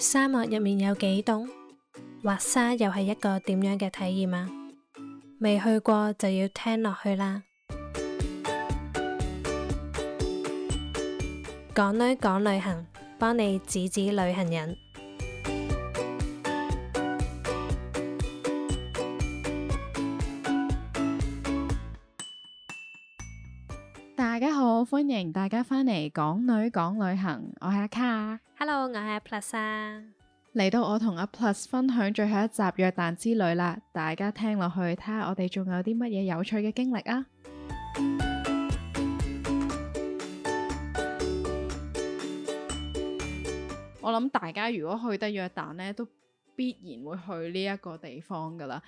沙漠入面有幾凍？滑沙又係一個點樣嘅體驗啊？未去過就要聽落去啦！港女講旅行，幫你指指旅行人。歡迎大家翻嚟《港女講旅行》，我係阿 Car，Hello，我係阿 Plus。嚟到我同阿 Plus 分享最後一集約旦之旅啦，大家聽落去睇下我哋仲有啲乜嘢有趣嘅經歷啊！我諗大家如果去得約旦咧，都必然會去呢一個地方噶啦。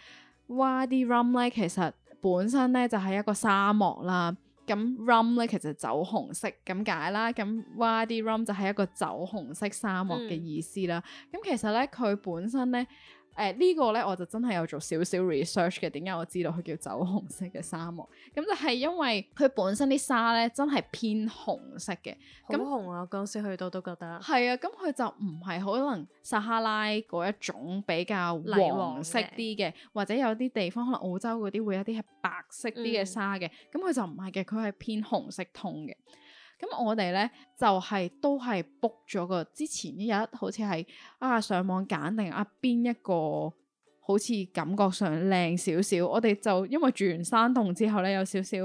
Wadi Rum 咧，其實本身咧就係一個沙漠啦。咁 rum 咧其實酒紅色咁解啦，咁 Wadi Rum 就係一個酒紅色沙漠嘅意思啦。咁、嗯、其實咧佢本身咧。誒、呃這個、呢個咧我就真係有做少少 research 嘅，點解我知道佢叫酒紅色嘅沙漠？咁就係因為佢本身啲沙咧真係偏紅色嘅，咁紅啊！我嗰時那去到都覺得係啊，咁佢就唔係可能撒哈拉嗰一種比較黃色啲嘅，或者有啲地方可能澳洲嗰啲會有啲係白色啲嘅沙嘅，咁佢、嗯、就唔係嘅，佢係偏紅色通嘅。咁我哋咧就係、是、都係 book 咗個之前一日好似係啊上網揀定啊邊一個好似感覺上靚少少，我哋就因為住完山洞之後咧有少少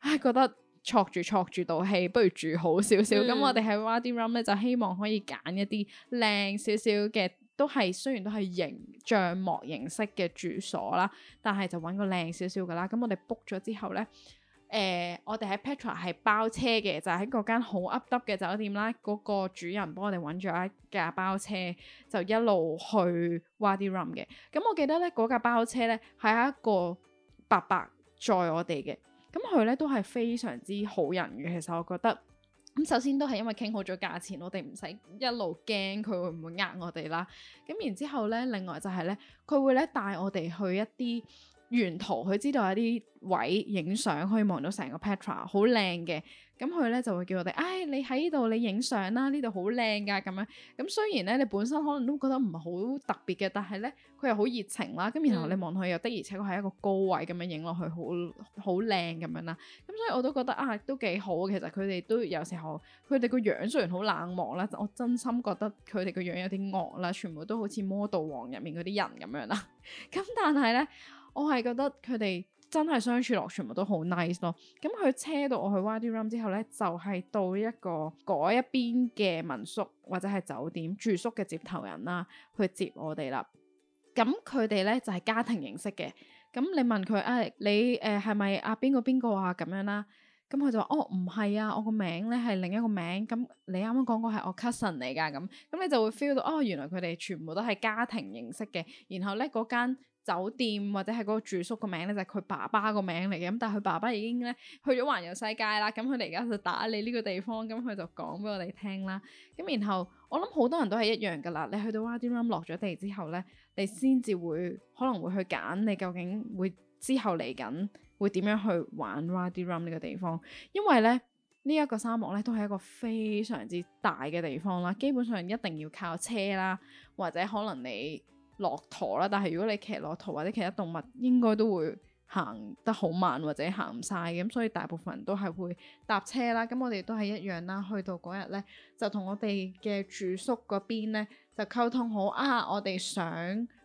唉覺得撮住撮住道氣，不如住好少少，咁、嗯、我哋喺 Wadi Rum 咧就希望可以揀一啲靚少少嘅，都係雖然都係形帳幕形式嘅住所啦，但係就揾個靚少少噶啦，咁我哋 book 咗之後咧。誒、呃，我哋喺 Petra 係包車嘅，就喺嗰間好 up up 嘅酒店啦。嗰、嗰個主人幫我哋揾咗一架包車，就一路去 Wadi Rum 嘅。咁我記得呢嗰架、嗰個、包車呢，係一個伯伯載我哋嘅。咁佢呢都係非常之好人嘅。其實我覺得，咁首先都係因為傾好咗價錢，我哋唔使一路驚佢會唔會呃我哋啦。咁然之後呢，另外就係呢，佢會呢帶我哋去一啲。沿途佢知道有啲位影相可以望到成個 Petra 好靚嘅，咁佢咧就會叫我哋：唉、哎，你喺呢度你影相啦，呢度好靚㗎咁樣。咁雖然咧你本身可能都覺得唔係好特別嘅，但係咧佢又好熱情啦。咁、啊、然後你望佢又的而且確係一個高位咁樣影落去，好好靚咁樣啦。咁所以我都覺得啊，都幾好。其實佢哋都有時候佢哋個樣雖然好冷漠啦，我真心覺得佢哋個樣有啲惡啦，全部都好似《魔盜王》入面嗰啲人咁樣啦。咁但係咧。我係覺得佢哋真係相處落，全部都好 nice 咯。咁佢車到我去 Wadi Rum 之後咧，就係、是、到一個嗰一邊嘅民宿或者係酒店住宿嘅接頭人啦，去接我哋啦。咁佢哋咧就係、是、家庭形式嘅。咁、嗯、你問佢誒、啊、你誒係咪阿邊個邊個啊？咁樣啦。咁、嗯、佢就話：哦，唔係啊，我個名咧係另一個名。咁、嗯、你啱啱講過係我 cousin 嚟㗎。咁、嗯、咁、嗯、你就會 feel 到哦，原來佢哋全部都係家庭形式嘅。然後咧嗰間。酒店或者係嗰個住宿個名咧，就係佢爸爸個名嚟嘅。咁但係佢爸爸已經咧去咗環遊世界啦。咁佢哋而家就打理呢個地方，咁佢就講俾我哋聽啦。咁然後我諗好多人都係一樣噶啦。你去到 Wadi Rum 落咗地之後咧，你先至會可能會去揀你究竟會之後嚟緊會點樣去玩 Wadi Rum 呢個地方，因為咧呢一個沙漠咧都係一個非常之大嘅地方啦。基本上一定要靠車啦，或者可能你。駱駝啦，但係如果你騎駱駝或者其他動物，應該都會行得好慢或者行唔晒嘅。咁所以大部分人都係會搭車啦。咁我哋都係一樣啦。去到嗰日呢，就同我哋嘅住宿嗰邊呢就溝通好啊，我哋想，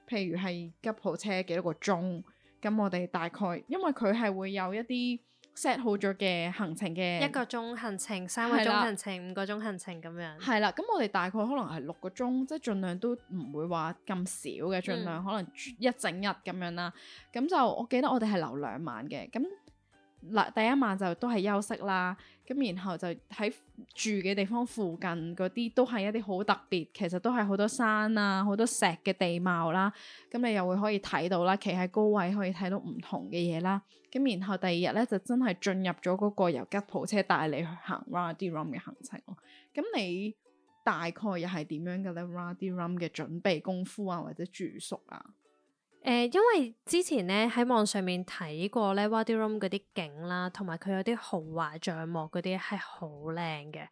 譬如係吉普車幾多個鐘，咁我哋大概因為佢係會有一啲。set 好咗嘅行程嘅，一個鐘行程、三個鐘行程了五個鐘行程咁樣，係啦。咁我哋大概可能係六個鐘，即係盡量都唔會話咁少嘅，嗯。盡量可能一整日咁樣啦。咁就我記得我哋係留兩晚嘅，咁嗱第一晚就都係休息啦。咁然後就喺住嘅地方附近嗰啲都係一啲好特別，其實都係好多山啊、好多石嘅地貌啦。咁你又會可以睇到啦，企喺高位可以睇到唔同嘅嘢啦。咁然後第二日咧就真係進入咗嗰個由吉普車帶你去行 Wadi Rum 嘅行程咯。咁你大概又係點樣嘅咧？Wadi Rum 嘅準備功夫啊，或者住宿啊？誒，因為之前咧喺網上面睇過咧，Wadi Rum 嗰啲景啦，同埋佢有啲豪華帳幕嗰啲係好靚嘅，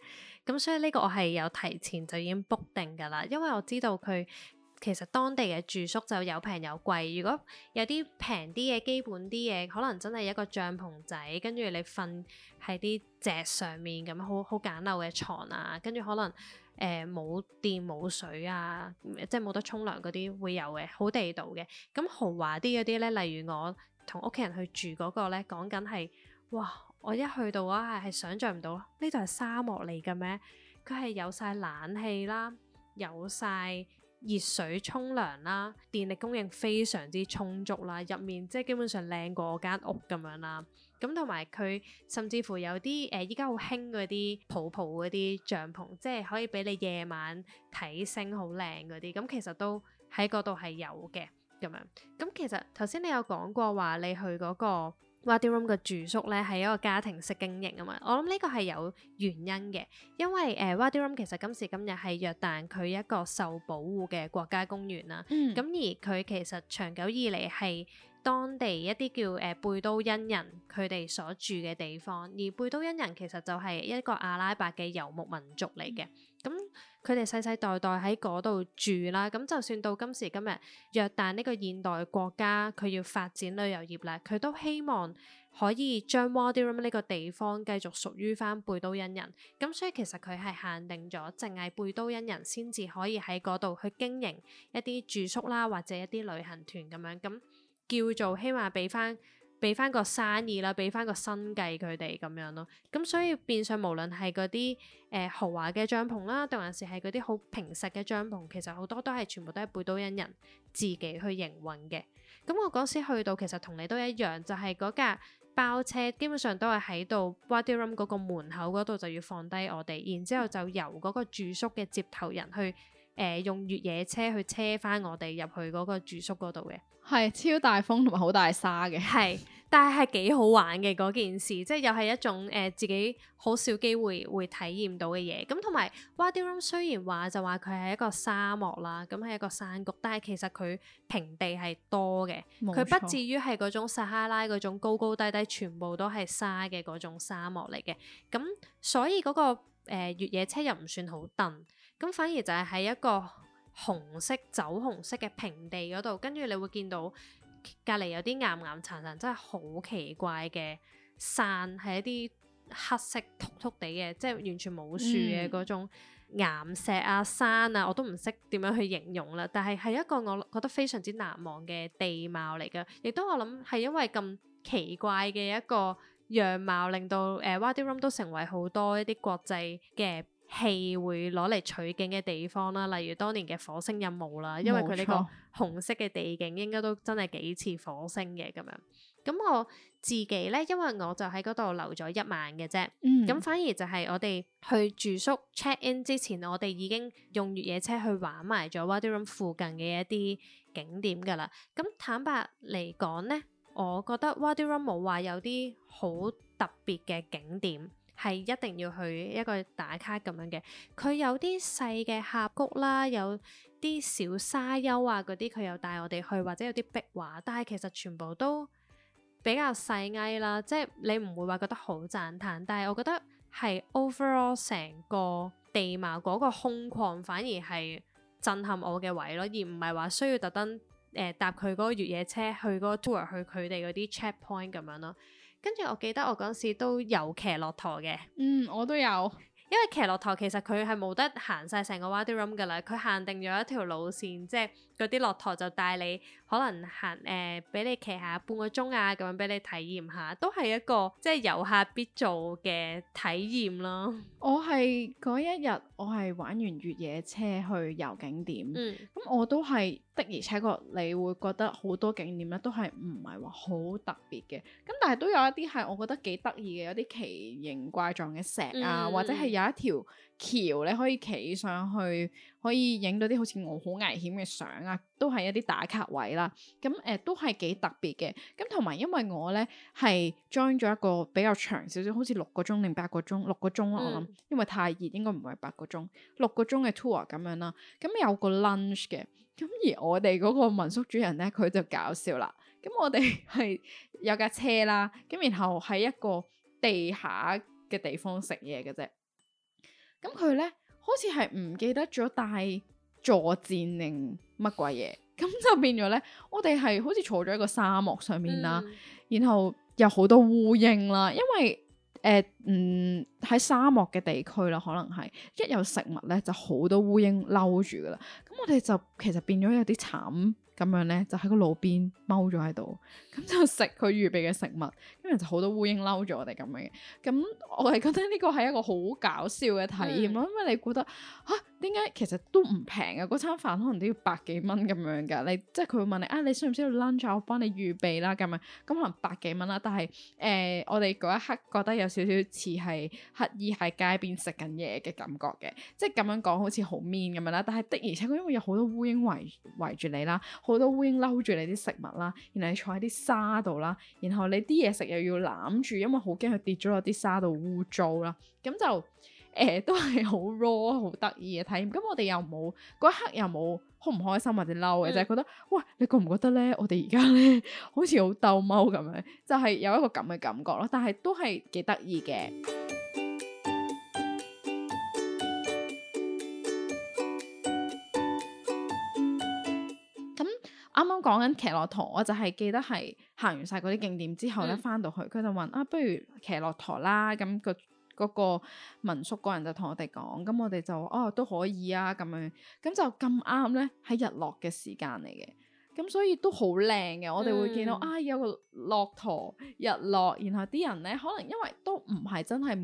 咁所以呢個我係有提前就已經 book 定㗎喇，因為我知道佢其實當地嘅住宿就有平有貴，如果有啲平啲嘅基本啲嘢，可能真係一個帳篷仔，跟住你瞓喺啲石上面咁，好好簡陋嘅床啊，跟住可能。誒冇、呃、電冇水啊，即係冇得沖涼嗰啲會有嘅，好地道嘅。咁豪華啲嗰啲呢，例如我同屋企人去住嗰個咧，講緊係，哇！我一去到啊係想像唔到，呢度係沙漠嚟嘅咩？佢係有晒冷氣啦，有晒熱水沖涼啦，電力供應非常之充足啦，入面即係基本上靚過我間屋咁樣啦。咁同埋佢甚至乎有啲誒，依家好興嗰啲泡泡嗰啲帳篷，即係可以俾你夜晚睇星好靚嗰啲。咁、嗯、其實都喺嗰度係有嘅咁樣。咁、嗯、其實頭先你有講過話，你去嗰個 Wadi Rum 嘅住宿咧係一個家庭式經營啊嘛。我諗呢個係有原因嘅，因為誒 Wadi Rum 其實今時今日係約旦佢一個受保護嘅國家公園啦。咁、嗯、而佢其實長久以嚟係。當地一啲叫誒貝都因人，佢哋所住嘅地方。而貝都因人其實就係一個阿拉伯嘅遊牧民族嚟嘅，咁佢哋世世代代喺嗰度住啦。咁就算到今時今日，約旦呢個現代國家佢要發展旅遊業啦，佢都希望可以將 Wadi Rum 呢個地方繼續屬於返貝都因人。咁所以其實佢係限定咗，淨係貝都因人先至可以喺嗰度去經營一啲住宿啦，或者一啲旅行團咁樣咁。叫做希望俾翻俾翻個生意啦，俾翻個生計佢哋咁樣咯。咁、嗯、所以變相無論係嗰啲誒豪華嘅帳篷啦，定還是係嗰啲好平實嘅帳篷，其實好多都係全部都係貝都因人自己去營運嘅。咁、嗯、我嗰時去到其實同你都一樣，就係、是、嗰架包車基本上都係喺度 Wadi Rum 嗰個門口嗰度就要放低我哋，然之後就由嗰個住宿嘅接頭人去。誒、呃、用越野車去車翻我哋入去嗰個住宿嗰度嘅，係超大風同埋好大沙嘅，係，但係係幾好玩嘅嗰件事，即係又係一種誒、呃、自己好少機會會體驗到嘅嘢。咁同埋 Wadi Rum 雖然話就話佢係一個沙漠啦，咁係一個山谷，但係其實佢平地係多嘅，佢錯不至於係嗰種撒哈拉嗰種高高低低全部都係沙嘅嗰種沙漠嚟嘅。咁、嗯、所以嗰、那個、呃、越野車又唔算好蹬。咁反而就係喺一個紅色、酒紅色嘅平地嗰度，跟住你會見到隔離有啲岩岩層層，真係好奇怪嘅山，係一啲黑色、凸凸地嘅，即係完全冇樹嘅嗰種岩石啊、山啊，我都唔識點樣去形容啦。但係係一個我覺得非常之難忘嘅地貌嚟㗎，亦都我諗係因為咁奇怪嘅一個樣貌，令到誒、呃、Wadi Rum 都成為好多一啲國際嘅。戲會攞嚟取景嘅地方啦，例如當年嘅火星任務啦，因為佢呢個紅色嘅地景應該都真係幾似火星嘅咁樣。咁我自己咧，因為我就喺嗰度留咗一晚嘅啫，咁、嗯、反而就係我哋去住宿 check in 之前，我哋已經用越野車去玩埋咗 Wadi Rum 附近嘅一啲景點㗎喇。咁坦白嚟講咧，我覺得 Wadi Rum 冇話有啲好特別嘅景點。係一定要去一個打卡咁樣嘅，佢有啲細嘅峽谷啦，有啲小沙丘啊嗰啲，佢又帶我哋去，或者有啲壁畫，但係其實全部都比較細矮啦，即係你唔會話覺得好讚歎，但係我覺得係 overall 成個地貌嗰個空曠反而係震撼我嘅位咯，而唔係話需要特登誒搭佢嗰個越野車去嗰個 tour 去佢哋嗰啲 checkpoint 咁樣咯。跟住，我記得我嗰時都有騎駱駝嘅。嗯，我都有。因為騎駱駝其實佢係冇得行晒成個 Wadi Rum 㗎啦，佢限定咗一條路線，即係嗰啲駱駝就帶你。可能行誒俾、呃、你騎下半個鐘啊，咁樣俾你體驗下，都係一個即係遊客必做嘅體驗咯。我係嗰一日，我係玩完越野車去遊景點，咁、嗯、我都係的而且確，你會覺得好多景點咧都係唔係話好特別嘅，咁但係都有一啲係我覺得幾得意嘅，有啲奇形怪狀嘅石啊，嗯、或者係有一條。橋你可以企上去，可以影到啲好似我好危險嘅相啊，都係一啲打卡位啦。咁、嗯、誒、呃、都係幾特別嘅。咁同埋因為我咧係 join 咗一個比較長少少，好似六個鐘定八個鐘，六個鐘啦、啊、我諗，因為太熱應該唔係八個鐘，六個鐘嘅 tour 咁樣啦。咁、嗯、有個 lunch 嘅，咁、嗯、而我哋嗰個民宿主人咧佢就搞笑啦。咁、嗯、我哋係有架車啦，咁然後喺一個地下嘅地方食嘢嘅啫。咁佢咧好似係唔記得咗帶助戰定乜鬼嘢，咁就變咗咧，我哋係好似坐咗喺個沙漠上面啦，嗯、然後有好多烏蠅啦，因為誒、呃、嗯喺沙漠嘅地區啦，可能係一有食物咧，就好多烏蠅嬲住㗎啦，咁我哋就其實變咗有啲慘。咁樣咧，就喺個路邊踎咗喺度，咁就食佢預備嘅食物，因為就好多烏蠅嬲咗我哋咁樣嘅，咁我係覺得呢個係一個好搞笑嘅體驗囉，嗯、因為你覺得嚇。啊。點解其實都唔平嘅？嗰餐飯可能都要百幾蚊咁樣噶。你即係佢會問你啊，你需唔需要 lunch 我幫你預備啦咁啊。咁可能百幾蚊啦。但係誒，我哋嗰一刻覺得有少少似係乞衣喺街邊食緊嘢嘅感覺嘅。即係咁樣講，好似好 mean 咁樣啦。但係的而且確因為有好多烏蠅圍圍住你啦，好多烏蠅嬲住你啲食物啦，然後你坐喺啲沙度啦，然後你啲嘢食又要攬住，因為好驚佢跌咗落啲沙度污糟啦。咁就。誒、呃、都係好 raw，好得意嘅體驗。咁我哋又冇嗰一刻又冇好唔開心、嗯、或者嬲嘅，就係覺得，喂，你覺唔覺得咧？我哋而家咧好似好鬥貓咁樣，就係、是、有一個咁嘅感覺咯。但係都係幾得意嘅。咁啱啱講緊騎駱駝，我就係記得係行完晒嗰啲景點之後咧，翻、嗯、到去佢就問啊，不如騎駱駝啦，咁、那個。嗰個民宿個人就同我哋講，咁我哋就哦、啊、都可以啊咁樣，咁就咁啱咧喺日落嘅時間嚟嘅，咁所以都好靚嘅。嗯、我哋會見到啊有個駱駝日落，然後啲人咧可能因為都唔係真係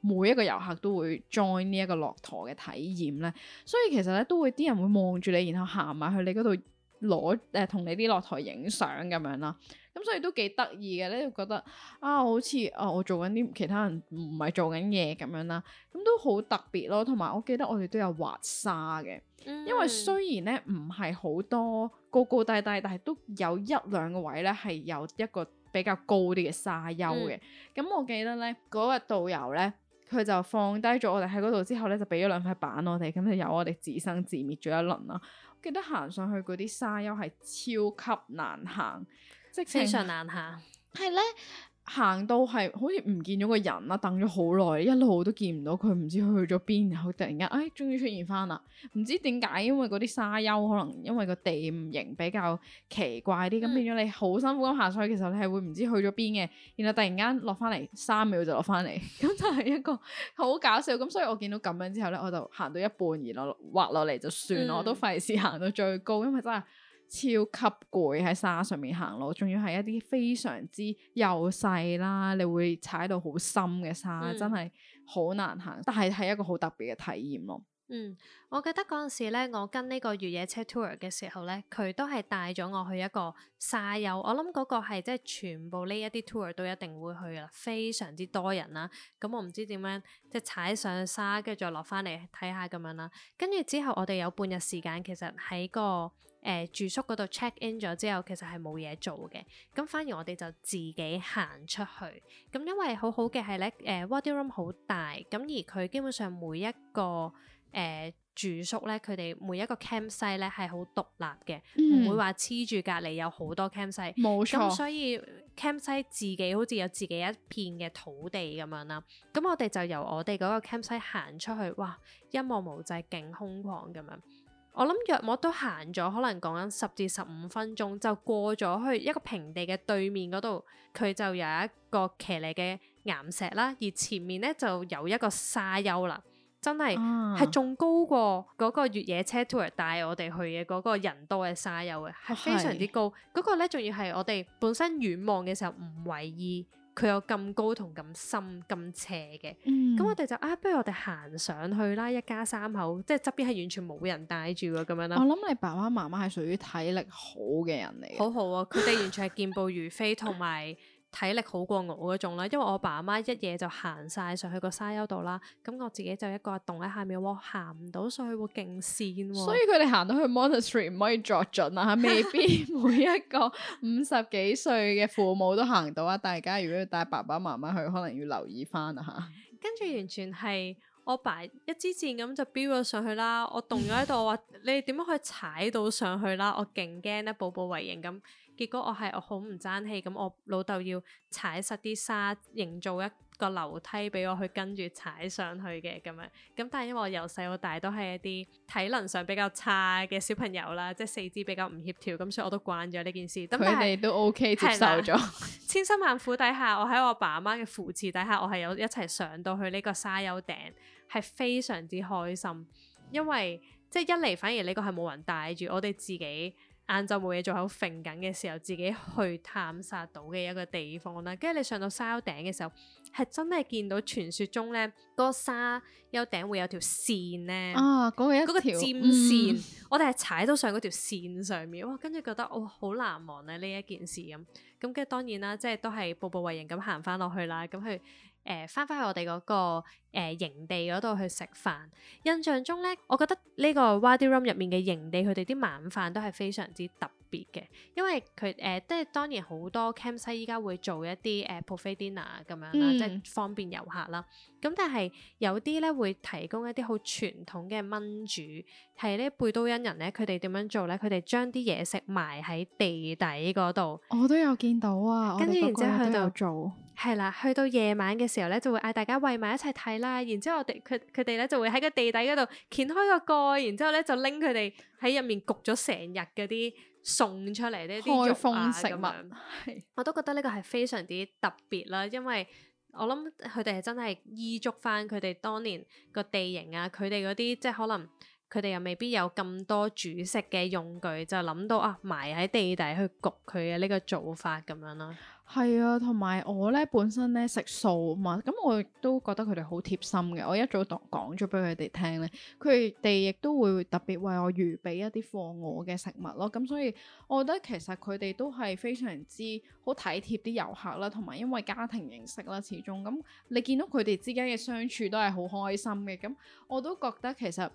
每一個遊客都會 join 呢一個駱駝嘅體驗咧，所以其實咧都會啲人會望住你，然後行埋去你嗰度攞誒同你啲駱駝影相咁樣啦。咁、嗯、所以都幾得意嘅咧，就覺得啊，好似啊，我做緊啲其他人唔係做緊嘢咁樣啦，咁、嗯嗯、都好特別咯。同埋我記得我哋都有滑沙嘅，因為雖然咧唔係好多高高低低，但係都有一兩個位咧係有一個比較高啲嘅沙丘嘅。咁、嗯嗯、我記得咧嗰、嗰個導遊咧，佢就放低咗我哋喺嗰度之後咧，就俾咗兩塊板我哋，咁就由我哋自生自滅咗一輪啦。我記得行上去嗰啲沙丘係超級難行。即非常難行，係咧行到係好似唔見咗個人啦，等咗好耐，一路都見唔到佢，唔知去咗邊。然後突然間，哎，終於出現翻啦！唔知點解，因為嗰啲沙丘可能因為個地形比較奇怪啲，咁、嗯、變咗你好辛苦咁行上去，其實你係會唔知去咗邊嘅。然後突然間落翻嚟，三秒就落翻嚟，咁 就係一個好搞笑。咁所以我見到咁樣之後咧，我就行到一半，然後滑落嚟就算啦，嗯、我都費事行到最高，因為真係。超級攰喺沙上面行路，仲要係一啲非常之幼細啦，你會踩到好深嘅沙，嗯、真係好難行。但係係一個好特別嘅體驗咯。嗯，我記得嗰陣時咧，我跟呢個越野車 tour 嘅時候咧，佢都係帶咗我去一個沙丘。我諗嗰個係即係全部呢一啲 tour 都一定會去嘅，非常之多人啦、啊。咁我唔知點樣即係、就是、踩上沙，跟住再落翻嚟睇下咁樣啦。跟住之後我哋有半日時間，其實喺個。誒、呃、住宿嗰度 check in 咗之後，其實係冇嘢做嘅。咁、嗯、反而我哋就自己行出去。咁、嗯、因為好好嘅係咧，誒 Wadi Rum 好大。咁、嗯、而佢基本上每一個誒、呃、住宿咧，佢哋每一個 campsite 咧係好獨立嘅，唔、嗯、會話黐住隔離有好多 campsite 錯。冇錯、嗯，所以 campsite 自己好似有自己一片嘅土地咁樣啦。咁、嗯、我哋就由我哋嗰個 campsite 行出去，哇！一望無際，勁空曠咁樣。我諗約莫都行咗，可能講緊十至十五分鐘就過咗去一個平地嘅對面嗰度，佢就有一個騎呢嘅岩石啦，而前面咧就有一個沙丘啦，真係係仲高過嗰個越野車 tour 帶我哋去嘅嗰個人多嘅沙丘嘅，係非常之高。嗰是個咧仲要係我哋本身遠望嘅時候唔為意。佢有咁高同咁深咁斜嘅，咁、嗯、我哋就啊，不如我哋行上去啦，一家三口，即係側邊係完全冇人帶住喎，咁樣啦。我諗你爸爸媽媽係屬於體力好嘅人嚟，好 好啊，佢哋完全係健步如飛，同埋，體力好過我嗰種啦，因為我爸阿媽一嘢就行晒上去個沙丘度啦，咁我自己就一個洞喺下面，我行唔到，哦、所以會勁跣。所以佢哋行到去 Monastery 唔可以作準啊，未必每一個五十幾歲嘅父母都行到啊。 大家如果要帶爸爸媽媽去，可能要留意翻啊吓。跟住完全係我爸一支箭咁就飆咗上去啦，我動咗喺度，我話你點樣可以踩到上去啦？我勁驚咧，步步為營咁。結果我係我好唔爭氣，咁我老豆要踩實啲沙，營造一個樓梯俾我去跟住踩上去嘅咁樣。咁但係因為我由細到大都係一啲體能上比較差嘅小朋友啦，即係四肢比較唔協調，咁所以我都慣咗呢件事。佢哋都 OK 接受咗。千辛萬苦底下，我喺我爸媽嘅扶持底下，我係有一齊上到去呢個沙丘頂，係非常之開心。因為即係一嚟，反而呢個係冇人帶住，我哋自己。晏晝冇嘢做喺度揈緊嘅時候，自己去探索到嘅一個地方啦。跟住你上到沙丘頂嘅時候，係真係見到傳説中咧，個沙丘頂會有條線咧。啊，講起嗰條線，我哋係踩到上嗰條線上面，哇！跟住覺得哦，好難忘咧呢一件事咁。咁跟住當然啦，即係都係步步為營咁行翻落去啦。咁去。誒翻返去我哋嗰、嗰個誒、呃、營地嗰度去食飯。印象中咧，我覺得呢個 Wadi Rum 入面嘅營地，佢哋啲晚飯都係非常之特別嘅，因為佢誒，即、呃、係當然好多 campsite 依家會做一啲誒 buffet dinner 咁樣啦，嗯、即係方便遊客啦。咁但係有啲咧會提供一啲好傳統嘅燜煮，係呢貝都因人咧，佢哋點樣做咧？佢哋將啲嘢食埋喺地底嗰度。我都有見到啊，跟住然之後喺度做。係啦，去到夜晚嘅時候咧，就會嗌大家圍埋一齊睇啦。然之後我哋佢佢哋咧就會喺個地底嗰度掀開個蓋，然之後咧就拎佢哋喺入面焗咗成日嗰啲餸出嚟，呢啲肉啊，咁樣。開封食物。係，我都覺得呢個係非常之特別啦，因為我諗佢哋係真係依足翻佢哋當年個地形啊，佢哋嗰啲即係可能佢哋又未必有咁多煮食嘅用具，就諗到啊埋喺地底去焗佢嘅呢個做法咁樣咯。係啊，同埋我咧本身咧食素啊嘛，咁我都覺得佢哋好貼心嘅。我一早講講咗俾佢哋聽咧，佢哋亦都會特別為我預備一啲放我嘅食物咯。咁所以我覺得其實佢哋都係非常之好體貼啲遊客啦，同埋因為家庭形式啦，始終咁你見到佢哋之間嘅相處都係好開心嘅。咁我都覺得其實。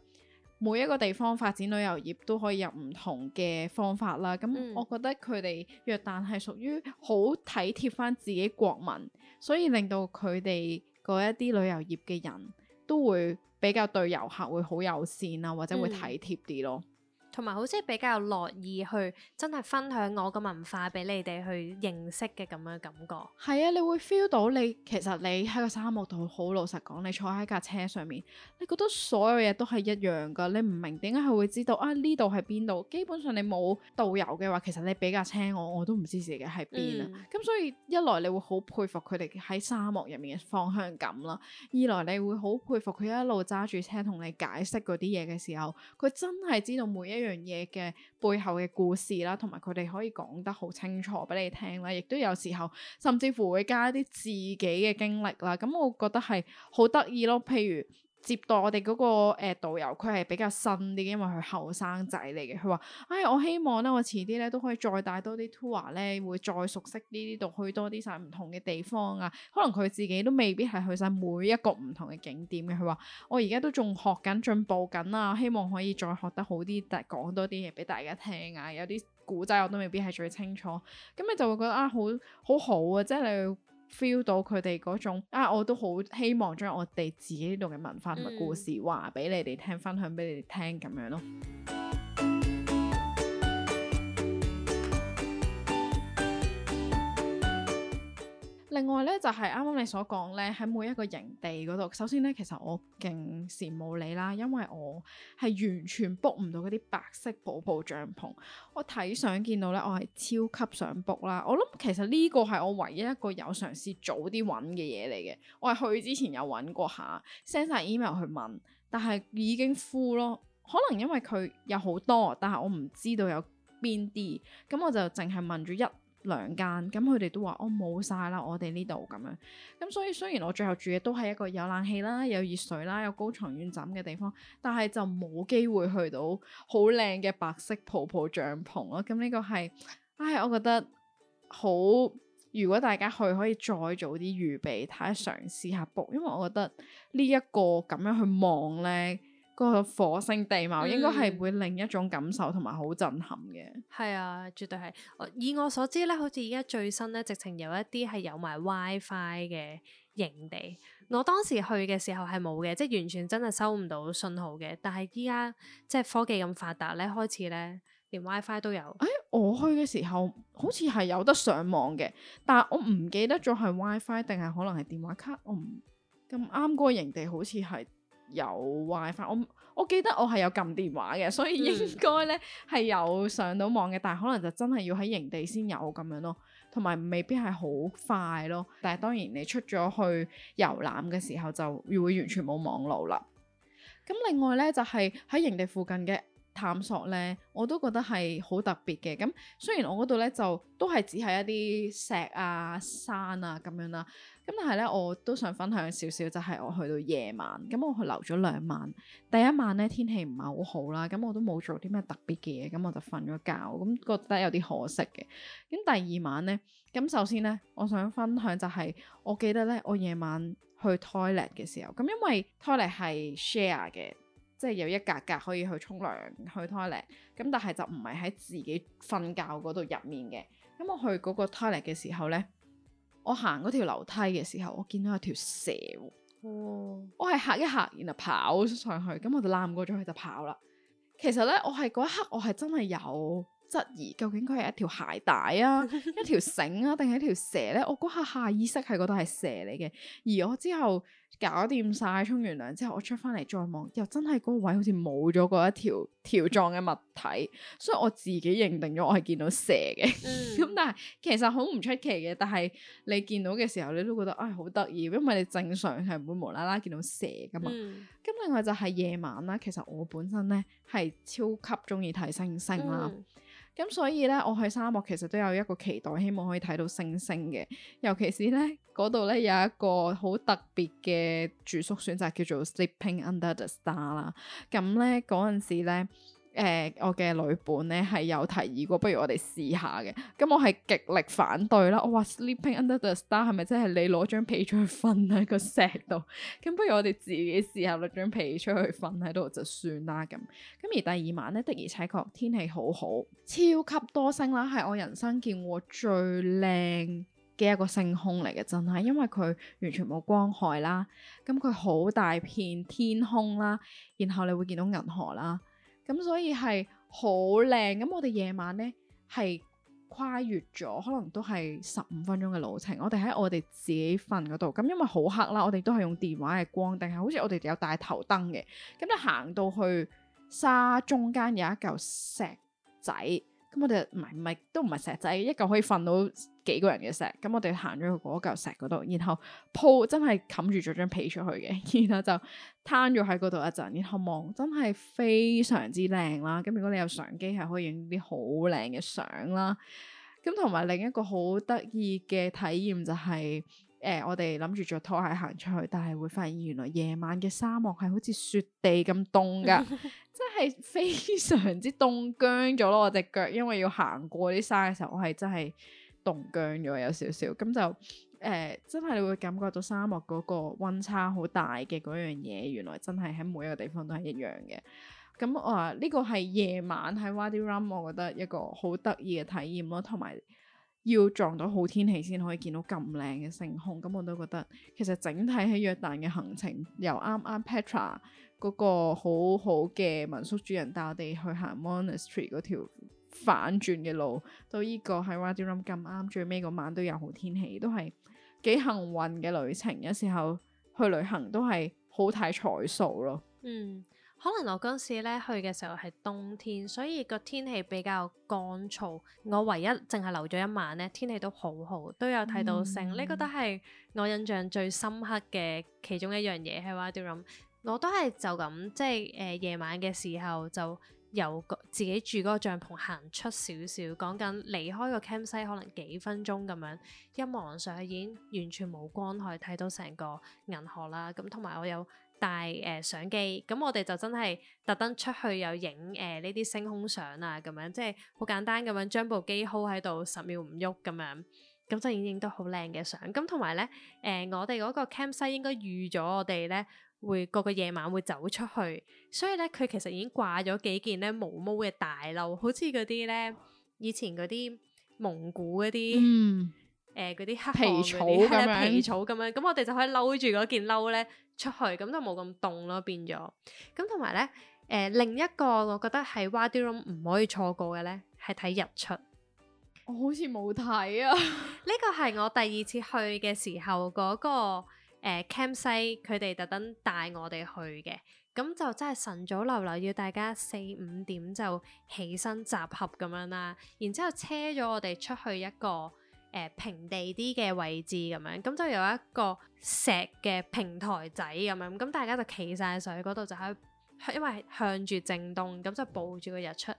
每一個地方發展旅遊業都可以有唔同嘅方法啦，咁我覺得佢哋約旦係屬於好體貼返自己國民，所以令到佢哋嗰一啲旅遊業嘅人都會比較對遊客會好友善啊，或者會體貼啲咯。嗯同埋好似比較樂意去真係分享我嘅文化俾你哋去認識嘅咁樣感覺。係啊，你會 feel 到你其實你喺個沙漠度，好老實講，你坐喺架車上面，你覺得所有嘢都係一樣噶，你唔明點解係會知道啊呢度係邊度？基本上你冇導遊嘅話，其實你俾架車我，我都唔知自己喺邊啊。咁、嗯、所以一來你會好佩服佢哋喺沙漠入面嘅方向感啦，二來你會好佩服佢一路揸住車同你解釋嗰啲嘢嘅時候，佢真係知道每一。呢樣嘢嘅背後嘅故事啦，同埋佢哋可以講得好清楚俾你聽啦，亦都有時候甚至乎會加啲自己嘅經歷啦。咁我覺得係好得意咯，譬如。接待我哋嗰個誒導遊，佢係比較新啲，因為佢後生仔嚟嘅。佢話：唉、哎，我希望咧，我遲啲咧都可以再帶多啲 tour 咧，會再熟悉呢啲度，去多啲晒唔同嘅地方啊。可能佢自己都未必係去晒每一個唔同嘅景點嘅。佢話：我而家都仲學緊進步緊啊，希望可以再學得好啲，講多啲嘢俾大家聽啊。有啲古仔我都未必係最清楚，咁你就會覺得啊，好好好啊，即係你。feel 到佢哋嗰種啊，我都好希望將我哋自己呢度嘅文化同埋故事話俾、嗯、你哋聽，分享俾你哋聽咁樣咯。另外咧就係啱啱你所講咧，喺每一個營地嗰度，首先咧其實我勁羨慕你啦，因為我係完全 book 唔到嗰啲白色寶寶帳篷。我睇相見到咧，我係超級想 book 啦。我諗其實呢個係我唯一一個有嘗試早啲揾嘅嘢嚟嘅。我係去之前有揾過下，send 晒 email 去問，但係已經 full 咯。可能因為佢有好多，但係我唔知道有邊啲，咁我就淨係問咗一兩間，咁佢哋都話我冇晒啦，我哋呢度咁樣。咁所以雖然我最後住嘅都係一個有冷氣啦、有熱水啦、有高床軟枕嘅地方，但係就冇機會去到好靚嘅白色泡泡帳篷咯。咁呢個係，唉、哎，我覺得好。如果大家去可以再早啲預備，睇下嘗試下 book，因為我覺得呢、這、一個咁樣去望咧，個火星地貌，嗯、應該係會另一種感受，同埋好震撼嘅。係啊，絕對係。以我所知咧，好似而家最新咧，直情有一啲係有埋 WiFi 嘅營地。我當時去嘅時候係冇嘅，即係完全真係收唔到信號嘅。但係依家即係科技咁發達咧，開始咧連 WiFi 都有。誒、欸，我去嘅時候好似係有得上網嘅，但我唔記得咗係 WiFi 定係可能係電話卡。我唔咁啱嗰個營地好似係。有 WiFi，我我記得我係有撳電話嘅，所以應該咧係有上到網嘅，但係可能就真係要喺營地先有咁樣咯，同埋未必係好快咯。但係當然你出咗去遊覽嘅時候，就會完全冇網路啦。咁另外咧就係喺營地附近嘅探索咧，我都覺得係好特別嘅。咁雖然我嗰度咧就都係只係一啲石啊、山啊咁樣啦，咁但係咧我都想分享少少，就係我去到夜晚，咁我去留咗兩晚。第一晚咧天氣唔係好好啦，咁我都冇做啲咩特別嘅嘢，咁我就瞓咗覺，咁覺得有啲可惜嘅。咁第二晚咧，咁首先咧，我想分享就係，我記得咧我夜晚去 toilet 嘅時候，咁因為 toilet 係 share 嘅。即係有一格格可以去沖涼去廁所，咁但係就唔係喺自己瞓覺嗰度入面嘅。咁我去嗰個廁所嘅時候咧，我行嗰條樓梯嘅時候，我見到有條蛇喎。哦，我係嚇一嚇，然後跑上去，咁我就攬過咗佢就跑啦。其實咧，我係嗰一刻我係真係有質疑，究竟佢係一條鞋帶啊、 一條繩啊，定係一條蛇咧？我嗰下下意識係覺得係蛇嚟嘅，而我之後。搞掂晒，沖完涼之後我出翻嚟再望，又真係嗰個位好似冇咗嗰一條條狀嘅物體， 所以我自己認定咗我係見到蛇嘅。咁但係其實好唔出奇嘅，但係你見到嘅時候，你都覺得啊、哎、好得意，因為你正常係唔會無啦啦見到蛇㗎嘛。咁、嗯、另外就係夜晚啦，其實我本身咧係超級中意睇星星啦。嗯。咁所以咧，我去沙漠其實都有一個期待，希望可以睇到星星嘅。尤其是咧，嗰度咧有一個好特別嘅住宿選擇，叫做 Sleeping Under the Star 啦。咁咧嗰陣時咧。誒、呃，我嘅女伴咧係有提議過，不如我哋試下嘅。咁我係極力反對啦。我話 sleeping under the star 係咪真係你攞張被出去瞓喺個石度？咁不如我哋自己試下攞張被出去瞓喺度就算啦。咁咁而第二晚咧，的而且確，天氣好好，超級多星啦，係我人生見過最靚嘅一個星空嚟嘅，真係因為佢完全冇光害啦。咁佢好大片天空啦，然後你會見到銀河啦。咁所以係好靚，咁我哋夜晚呢係跨越咗，可能都係十五分鐘嘅路程。我哋喺我哋自己瞓嗰度，咁因為好黑啦，我哋都係用電話嘅光，定係好似我哋有帶頭燈嘅，咁就行到去沙中間有一嚿石仔。咁我哋唔係唔係都唔係石仔，一嚿可以瞓到幾個人嘅石。咁我哋行咗去嗰嚿石嗰度，然後鋪真係冚住咗張被出去嘅，然後就攤咗喺嗰度一陣，然後望真係非常之靚啦。咁如果你有相機，係可以影啲好靚嘅相啦。咁同埋另一個好得意嘅體驗就係、是。誒、呃，我哋諗住着拖鞋行出去，但係會發現原來夜晚嘅沙漠係好似雪地咁凍㗎， 真係非常之凍僵咗咯！我隻腳，因為要行過啲沙嘅時候，我係真係凍僵咗有少少，咁就誒、呃，真係你會感覺到沙漠嗰個溫差好大嘅嗰樣嘢，原來真係喺每一個地方都係一樣嘅。咁我話呢個係夜晚喺 Wadi Rum，我覺得一個好得意嘅體驗咯，同埋。要撞到好天氣先可以見到咁靚嘅星空，咁我都覺得其實整體喺約旦嘅行程，由啱啱 Petra 嗰個好好嘅民宿主人帶我哋去行 Monastery 嗰條反轉嘅路，到呢個喺 Wadi Rum 咁啱最尾嗰晚都有好天氣，都係幾幸運嘅旅程。有時候去旅行都係好睇彩數咯，嗯。可能我嗰陣時咧去嘅時候係冬天，所以個天氣比較乾燥。我唯一淨係留咗一晚咧，天氣都好好，都有睇到星。呢、嗯、個都係我印象最深刻嘅其中一樣嘢係話點諗？我都係就咁，即係誒夜晚嘅時候就由自己住嗰個帳篷行出少少，講緊離開個 campsite 可能幾分鐘咁樣，一望上去已經完全冇光可以睇到成個銀河啦。咁同埋我有，帶誒、呃、相機，咁我哋就真係特登出去又影誒呢啲星空相啊，咁樣即係好簡單咁樣將部機 hold 喺度十秒唔喐，咁樣咁就已經影到好靚嘅相。咁同埋咧，誒、呃、我哋嗰個 campsite 應該預咗我哋咧會個個夜晚會走出去，所以咧佢其實已經掛咗幾件咧毛毛嘅大褸，好似嗰啲咧以前嗰啲蒙古嗰啲，誒嗰啲黑皮草咁呀皮草咁樣，咁我哋就可以摟住嗰件褸咧。出去咁就冇咁凍咯，變咗咁同埋呢，誒、呃、另一個我覺得係瓦迪隆唔可以錯過嘅呢，係睇日出。我好似冇睇啊！呢個係我第二次去嘅時候嗰、那個 campsite，佢哋特登帶我哋去嘅，咁就真係晨早流流要大家四五點就起身集合咁樣啦，然之後車咗我哋出去一個，呃、平地啲嘅位置咁樣，咁就有一個石嘅平台仔咁樣，咁大家就企晒上去嗰度就喺，因為向住正東，咁就望住個日出，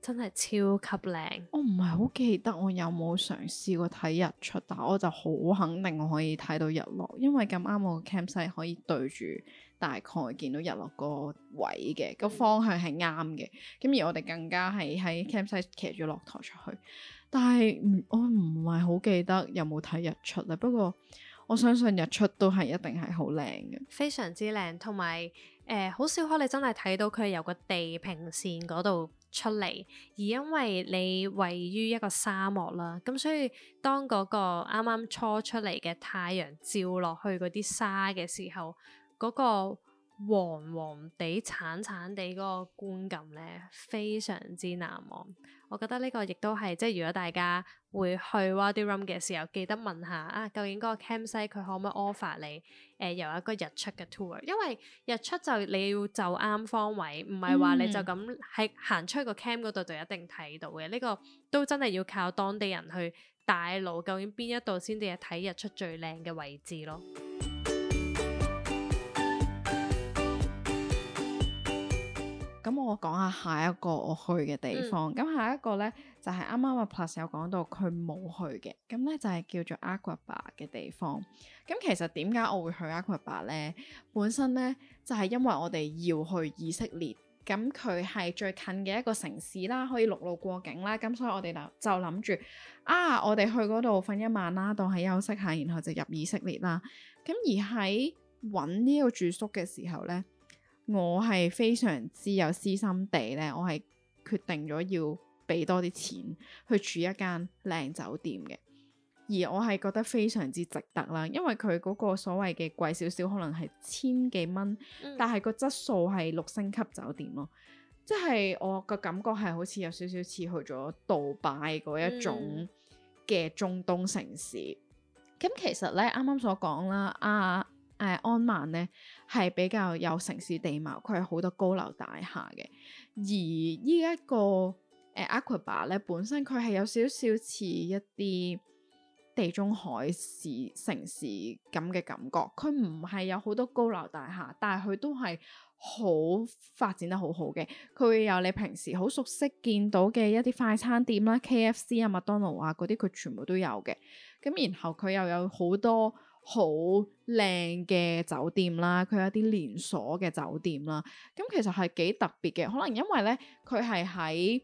真係超級靚。我唔係好記得我有冇嘗試過睇日出，但係我就好肯定我可以睇到日落，因為咁啱我 campsite 可以對住，大概見到日落個位嘅個、嗯、方向係啱嘅。咁而我哋更加係喺 campsite 騎住駱駝出去。但係我唔係好記得有冇睇日出啦。不過我相信日出都係一定係好靚嘅，非常之靚。同埋誒，好、呃、少可你真係睇到佢由個地平線嗰度出嚟，而因為你位於一個沙漠啦，咁所以當嗰個啱啱初出嚟嘅太陽照落去嗰啲沙嘅時候，嗰、嗰個。黃黃地、橙橙地嗰個觀感咧，非常之難忘。我覺得呢個亦都係，即係如果大家會去 Wadi Rum、er、嘅時候，記得問下啊，究竟嗰個 c a m p 西佢可唔可以 offer 你誒、呃、由一個日出嘅 tour？因為日出就你要就啱方位，唔係話你就咁喺行出去個 camp 嗰度就一定睇到嘅。呢、這個都真係要靠當地人去帶路，究竟邊一度先至係睇日出最靚嘅位置咯？咁我講下下一個我去嘅地方，咁、嗯、下一個呢，就係啱啱阿 Plus 有講到佢冇去嘅，咁呢，就係、是、叫做阿克巴嘅地方。咁其實點解我會去阿克巴咧？本身呢，就係、是、因為我哋要去以色列，咁佢係最近嘅一個城市啦，可以陸路過境啦，咁所以我哋就就諗住啊，我哋去嗰度瞓一晚啦，當係休息下，然後就入以色列啦。咁而喺揾呢個住宿嘅時候呢。我係非常之有私心地咧，我係決定咗要俾多啲錢去住一間靚酒店嘅，而我係覺得非常之值得啦，因為佢嗰個所謂嘅貴少少，可能係千幾蚊，但係個質素係六星級酒店咯，即係我個感覺係好似有少少似去咗杜拜嗰一種嘅中東城市。咁，嗯，其實咧，啱啱所講啦，啊～誒、啊、安曼咧係比較有城市地貌，佢係好多高樓大廈嘅。而、這個呃、呢一個誒 a 布巴咧，本身佢係有少少似一啲地中海市城市咁嘅感覺，佢唔係有好多高樓大廈，但係佢都係好發展得好好嘅。佢會有你平時好熟悉見到嘅一啲快餐店啦，K F C 啊、麥當勞啊嗰啲，佢全部都有嘅。咁然後佢又有好多。好靚嘅酒店啦，佢有啲連鎖嘅酒店啦，咁其實係幾特別嘅。可能因為呢，佢係喺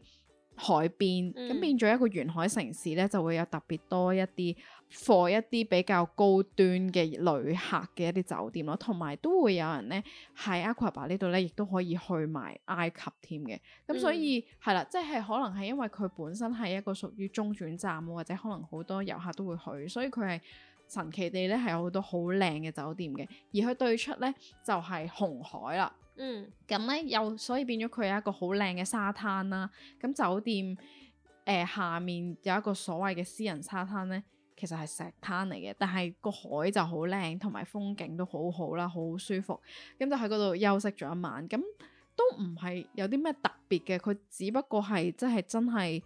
海邊，咁、嗯、變咗一個沿海城市呢，就會有特別多一啲 for 一啲比較高端嘅旅客嘅一啲酒店咯，同埋都會有人呢喺 Aqaba 呢度呢，亦都可以去埋埃及添嘅。咁所以係啦，即係、嗯就是、可能係因為佢本身係一個屬於中轉站，或者可能好多遊客都會去，所以佢係。神奇地咧，係有好多好靚嘅酒店嘅，而佢對出咧就係、是、紅海啦。嗯，咁咧又所以變咗佢有一個好靚嘅沙灘啦。咁酒店誒、呃、下面有一個所謂嘅私人沙灘咧，其實係石灘嚟嘅，但係個海就好靚，同埋風景都好好啦，好舒服。咁就喺嗰度休息咗一晚，咁都唔係有啲咩特別嘅，佢只不過係即係真係。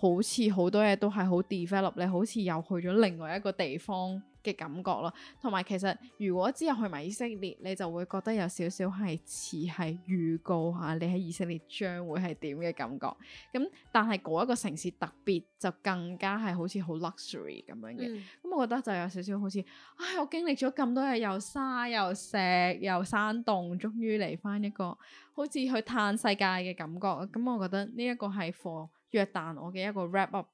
好似好多嘢都係好 develop，你好似又去咗另外一個地方嘅感覺咯。同埋其實如果之後去埋以色列，你就會覺得有少少係似係預告下你喺以色列將會係點嘅感覺。咁但係嗰一個城市特別就更加係好似好 luxury 咁樣嘅。咁、嗯嗯、我覺得就有少少好似唉，我經歷咗咁多嘢，又沙又石又山洞，終於嚟返一個好似去嘆世界嘅感覺。咁我覺得呢一個係貨。約旦我嘅一個 wrap up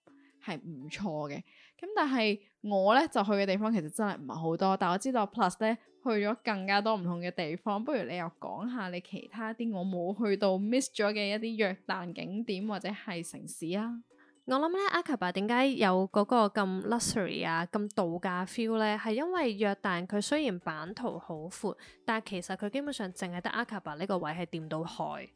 係唔錯嘅，咁但係我咧就去嘅地方其實真係唔係好多，但我知道 Plus 咧去咗更加多唔同嘅地方。不如你又講下你其他啲我冇去到 miss 咗嘅一啲約旦景點或者係城市啊？我諗咧 Aqaba 點解有嗰個咁 luxury 啊咁度假 feel 咧？係因為約旦佢雖然版圖好闊，但其實佢基本上淨係得 Aqaba 呢個位係掂到海。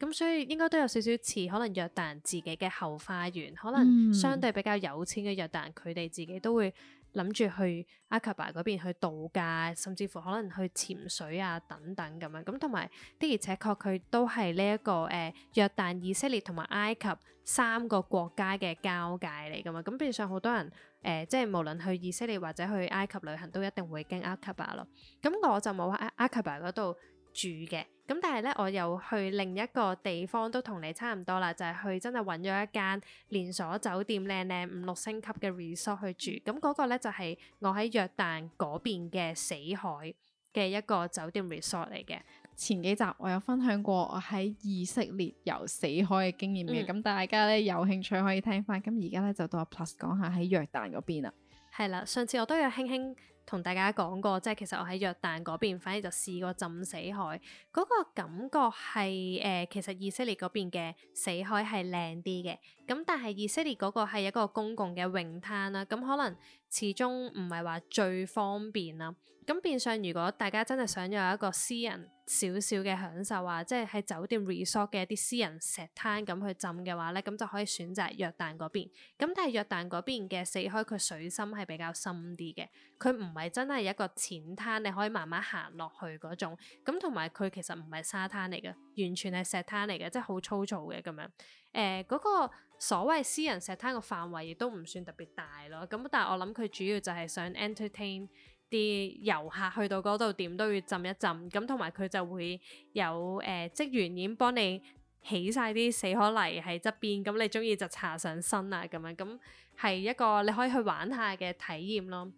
咁所以應該都有少少似可能約旦自己嘅後花園，可能相對比較有錢嘅約旦，佢哋、嗯、自己都會諗住去阿卡巴嗰邊去度假，甚至乎可能去潛水啊等等咁樣。咁同埋的而且確佢都係呢一個誒約、呃、旦以色列同埋埃及三個國家嘅交界嚟噶嘛。咁、嗯、變相好多人誒、呃，即係無論去以色列或者去埃及旅行，都一定會經阿卡巴咯。咁、嗯、我就冇喺阿卡巴嗰度。住嘅，咁但係呢，我又去另一個地方，都同你差唔多啦，就係、是、去真係揾咗一間連鎖酒店，靚靚五六星級嘅 resort 去住。咁嗰、嗯、個呢就係、是、我喺約旦嗰邊嘅死海嘅一個酒店 resort 嚟嘅。前幾集我有分享過我喺以色列遊死海嘅經驗嘅，咁、嗯、大家呢，有興趣可以聽翻。咁而家呢，就到 Plus 講下喺約旦嗰邊啦。係啦，上次我都有輕輕。同大家講過，即係其實我喺約旦嗰邊，反而就試過浸死海，嗰、嗰個感覺係誒、呃，其實以色列嗰邊嘅死海係靚啲嘅，咁但係以色列嗰個係一個公共嘅泳灘啦，咁可能始終唔係話最方便啦。咁變相，如果大家真係想有一個私人少少嘅享受啊，即係喺酒店 resort 嘅一啲私人石灘咁去浸嘅話咧，咁就可以選擇約旦嗰邊。咁但係約旦嗰邊嘅死海，佢水深係比較深啲嘅，佢唔係真係一個淺灘，你可以慢慢行落去嗰種。咁同埋佢其實唔係沙灘嚟嘅，完全係石灘嚟嘅，即係好粗糙嘅咁樣。誒、呃，嗰、那個所謂私人石灘嘅範圍亦都唔算特別大咯。咁但係我諗佢主要就係想 entertain。啲遊客去到嗰度點都要浸一浸，咁同埋佢就會有誒職員已經幫你起晒啲死海泥喺側邊，咁你中意就搽上身啊，咁樣，咁係一個你可以去玩下嘅體驗咯。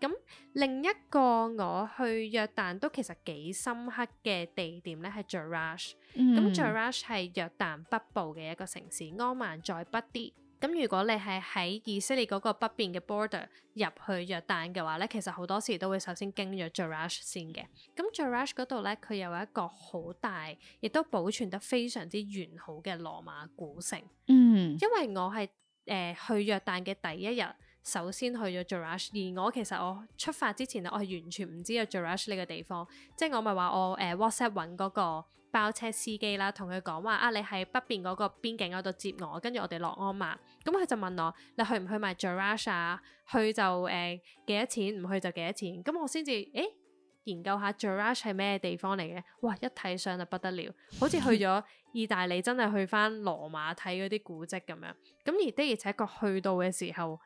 咁另一個我去約旦都其實幾深刻嘅地點咧，係 Jerash。咁 Jerash 係約旦北部嘅一個城市，安曼再北啲。咁如果你係喺以色列嗰個北邊嘅 border 入去約旦嘅話咧，其實好多時都會首先經咗 Jerash 先嘅。咁 Jerash 嗰度咧，佢有一個好大，亦都保存得非常之完好嘅羅馬古城。嗯、mm，hmm. 因為我係誒、呃、去約旦嘅第一日，首先去咗 Jerash，而我其實我出發之前，我係完全唔知有 Jerash 呢個地方，即、就、係、是、我咪話我誒、呃、WhatsApp 揾嗰、那個。包車司機啦，同佢講話啊，你喺北邊嗰個邊境嗰度接我，跟住我哋落安曼。咁、嗯、佢就問我，你去唔去埋 Jerash 去就誒幾、呃、多錢，唔去就幾多錢。咁、嗯、我先至誒研究下 Jerash 係咩地方嚟嘅。哇！一睇相就不得了，好似去咗意大利，真係去返羅馬睇嗰啲古跡咁樣。咁、嗯嗯、而的而且確去到嘅時候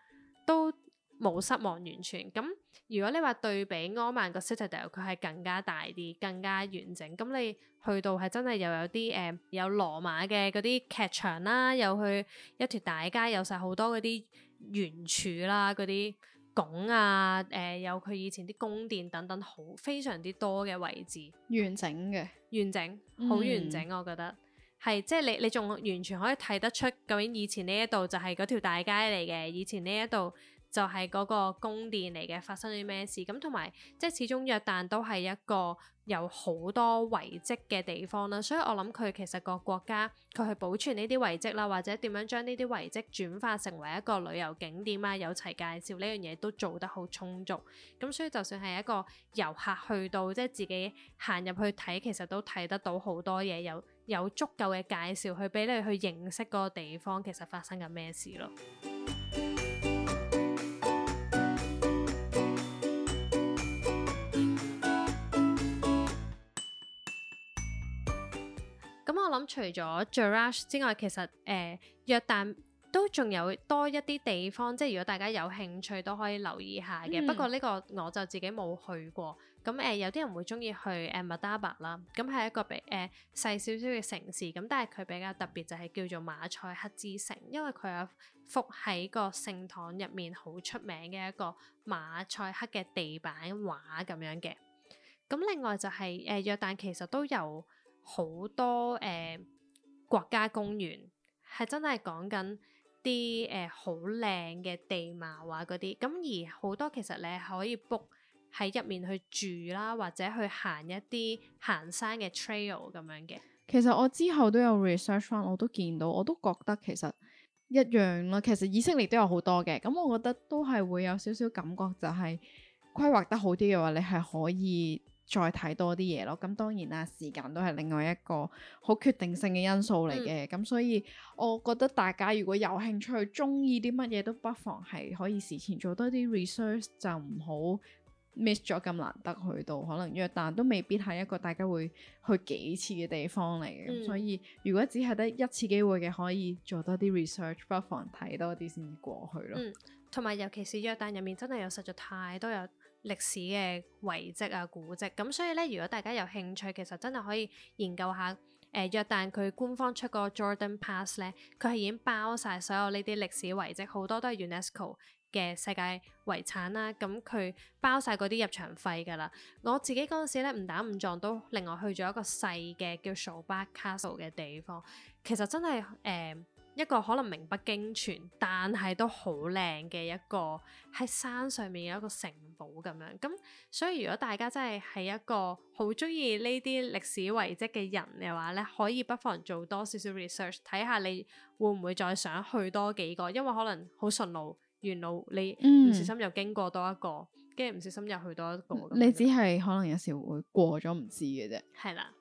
都冇失望完全咁。嗯如果你話對比安曼個 Citadel，佢係更加大啲，更加完整。咁你去到係真係又有啲誒、呃，有羅馬嘅嗰啲劇場啦，又去一條大街，有晒好多嗰啲圓柱啦，嗰啲拱啊，誒、呃、有佢以前啲宮殿等等，好非常之多嘅位置，完整嘅，完整，好完整，嗯、我覺得係即係你你仲完全可以睇得出究竟以前呢一度就係嗰條大街嚟嘅，以前呢一度。就係嗰個宮殿嚟嘅，發生咗啲咩事咁，同埋即係始終約旦都係一個有好多遺跡嘅地方啦，所以我諗佢其實個國家佢去保存呢啲遺跡啦，或者點樣將呢啲遺跡轉化成為一個旅遊景點啊，有齊介紹呢樣嘢都做得好充足，咁所以就算係一個遊客去到即係自己行入去睇，其實都睇得到好多嘢，有有足夠嘅介紹去俾你去認識嗰個地方，其實發生緊咩事咯。除咗 Jerash 之外，其實誒約、呃、旦都仲有多一啲地方，即係如果大家有興趣都可以留意下嘅。嗯、不過呢個我就自己冇去過。咁誒、呃、有啲人會鍾意去誒 Madaba、呃、啦，咁係一個比誒細少少嘅城市，咁但係佢比較特別就係叫做馬賽克之城，因為佢有幅喺個聖堂入面好出名嘅一個馬賽克嘅地板畫咁樣嘅。咁另外就係誒約旦其實都有。好多誒、呃、國家公園係真係講緊啲誒好靚嘅地貌啊嗰啲，咁而好多其實你係可以 book 喺入面去住啦，或者去行一啲行山嘅 trail 咁樣嘅。其實我之後都有 research 翻，我都見到，我都覺得其實一樣啦。其實以色列都有好多嘅，咁我覺得都係會有少少感覺，就係規劃得好啲嘅話，你係可以。再睇多啲嘢咯，咁當然啦，時間都係另外一個好決定性嘅因素嚟嘅，咁、嗯、所以我覺得大家如果有興趣、中意啲乜嘢，都不妨係可以事前做多啲 research，就唔好 miss 咗咁難得去到可能約旦，都未必係一個大家會去幾次嘅地方嚟，嘅、嗯。所以如果只係得一次機會嘅，可以做多啲 research，不妨睇多啲先過去咯。同埋、嗯、尤其是約旦入面真係有實在太多有。歷史嘅遺跡啊，古跡咁，所以咧，如果大家有興趣，其實真係可以研究下誒約旦佢官方出個 Jordan Pass 咧，佢係已經包晒所有呢啲歷史遺跡，好多都係 UNESCO 嘅世界遺產啦。咁佢包晒嗰啲入場費㗎啦。我自己嗰陣時咧，唔打唔撞都另外去咗一個細嘅叫 Shobak Castle 嘅地方，其實真係誒。呃一個可能名不經傳，但係都好靚嘅一個喺山上面嘅一個城堡咁樣。咁所以如果大家真係係一個好中意呢啲歷史遺跡嘅人嘅話咧，可以不妨做多少少 research，睇下你會唔會再想去多幾個。因為可能好順路，沿路你唔小心又經過多一個，跟住唔小心又去多一個。你，你只係可能有時會過咗唔知嘅啫。係啦。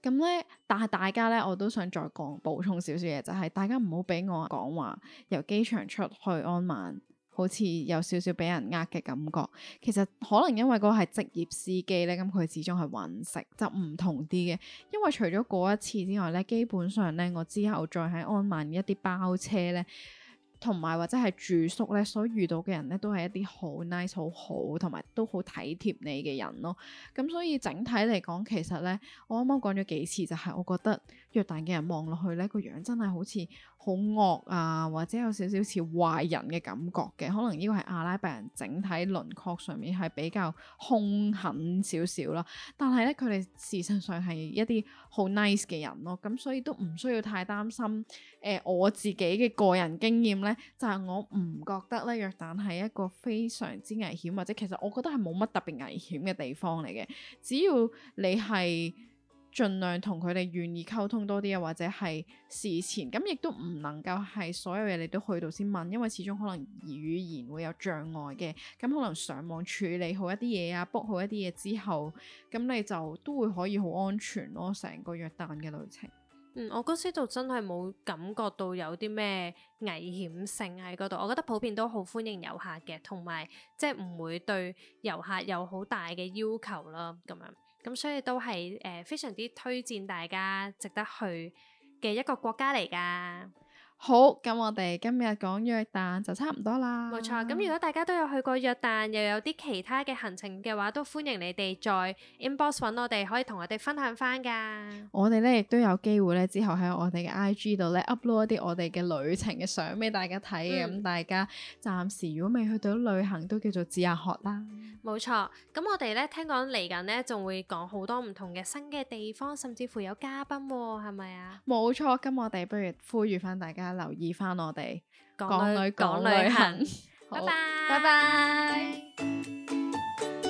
咁咧，但係大家咧，我都想再講補充少少嘢，就係大家唔好俾我講話由機場出去安曼，好似有少少俾人呃嘅感覺。其實可能因為嗰個係職業司機咧，咁佢始終係揾食，就唔同啲嘅。因為除咗嗰一次之外咧，基本上咧，我之後再喺安曼一啲包車咧。同埋或者係住宿咧，所遇到嘅人咧都係一啲好 nice、好好，同埋都好體貼你嘅人咯。咁、嗯、所以整體嚟講其實咧，我啱啱講咗幾次，就係、是、我覺得約旦嘅人望落去咧，個樣真係好似好惡啊，或者有少少似壞人嘅感覺嘅。可能呢個係阿拉伯人整體輪廓上面係比較兇狠少少啦。但係咧，佢哋事實上係一啲好 nice 嘅人咯。咁、嗯、所以都唔需要太擔心。誒、呃，我自己嘅個人經驗咧。就係我唔覺得咧，約旦係一個非常之危險或者，其實我覺得係冇乜特別危險嘅地方嚟嘅。只要你係盡量同佢哋願意溝通多啲啊，或者係事前，咁亦都唔能夠係所有嘢你都去到先問，因為始終可能語言會有障礙嘅。咁可能上網處理好一啲嘢啊，book 好一啲嘢之後，咁你就都會可以好安全咯，成個約旦嘅旅程。嗯，我嗰時就真係冇感覺到有啲咩危險性喺嗰度，我覺得普遍都好歡迎遊客嘅，同埋即係唔會對遊客有好大嘅要求囉，咁樣，咁所以都係誒、呃、非常之推薦大家值得去嘅一個國家嚟噶。好，咁我哋今日講約旦就差唔多啦。冇錯，咁如果大家都有去過約旦，又有啲其他嘅行程嘅話，都歡迎你哋再 inbox 搵我哋，可以同我哋分享翻噶。我哋咧亦都有機會咧，之後喺我哋嘅 IG 度咧 upload 一啲我哋嘅旅程嘅相俾大家睇嘅。咁、嗯嗯、大家暫時如果未去到旅行，都叫做指下學啦。冇錯、嗯，咁我哋咧聽講嚟緊咧仲會講好多唔同嘅新嘅地方，甚至乎有嘉賓、哦，係咪啊？冇錯，咁我哋不如呼籲翻大家，留意翻我哋港女港旅行，拜拜拜拜。